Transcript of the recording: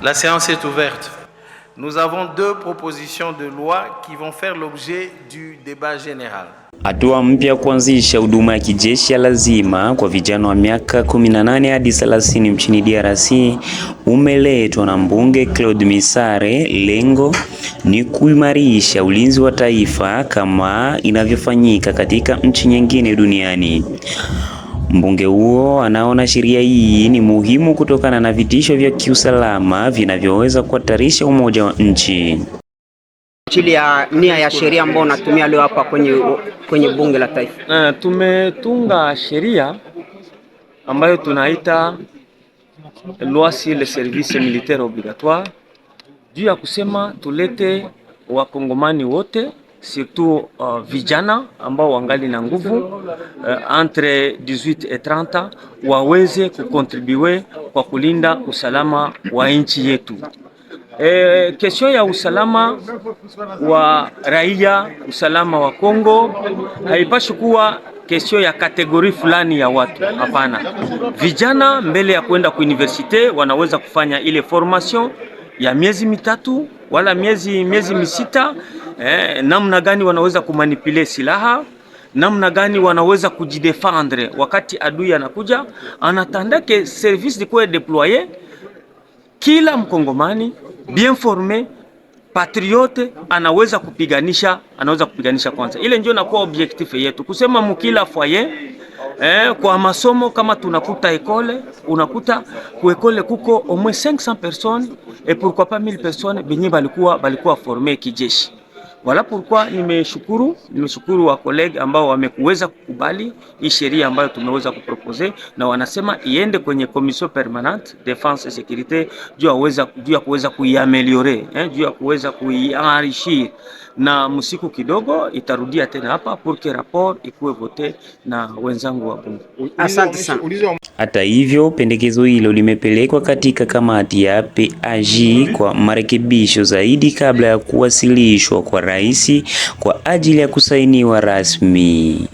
La séance est ouverte. Nous avons deux propositions de loi qui vont faire l'objet du débat général. Hatua mpya kuanzisha huduma ya kijeshi ya lazima kwa vijana wa miaka 18 hadi 30 nchini DRC umeletwa na mbunge Claude Misare. Lengo ni kuimarisha ulinzi wa taifa kama inavyofanyika katika nchi nyingine duniani. Mbunge huo anaona sheria hii ni muhimu kutokana na vitisho vya kiusalama vinavyoweza kuhatarisha umoja wa nchi. Chini ya nia ya sheria ambayo natumia leo hapa kwenye, kwenye bunge la taifa Uh, tumetunga sheria ambayo tunaita loi sur le service militaire obligatoire juu ya kusema tulete wakongomani wote surtout uh, vijana ambao wangali na nguvu uh, entre 18 et 30 waweze kukontribue kwa kulinda usalama wa nchi yetu. E, kesho euh, ya usalama wa raia, usalama wa Kongo haipashi kuwa kesho ya kategori fulani ya watu. Hapana, vijana mbele ya kwenda kuuniversite wanaweza kufanya ile formation ya miezi mitatu wala miezi miezi misita eh, namna gani wanaweza kumanipule silaha namna gani wanaweza kujidefendre wakati adui anakuja, anatandake service dikuwe deploye. Kila mkongomani bien forme patriote anaweza kupiganisha, anaweza kupiganisha kwanza. Ile ndio inakuwa objectif yetu, kusema mukila foyer eh, kwa masomo kama tunakuta ekole, unakuta kuekole kuko au moins 500 personnes et pourquoi pas 1000 personnes benye balikuwa balikuwa forme kijeshi Voilà pourquoi nimeshukuru nimeshukuru wa kolega ambao wamekuweza kukubali hii sheria ambayo tumeweza kupro deposer na wanasema iende kwenye commission permanente defense et securite juu ya kuweza kuiameliore eh, juu ya kuweza kuienrichir na msiku kidogo itarudia tena hapa pour que rapport ikuwe vote na wenzangu wa bunge. Asante sana. Hata hivyo, pendekezo hilo limepelekwa katika kamati ya PAG kwa marekebisho zaidi kabla ya kuwasilishwa kwa rais kwa ajili ya kusainiwa rasmi.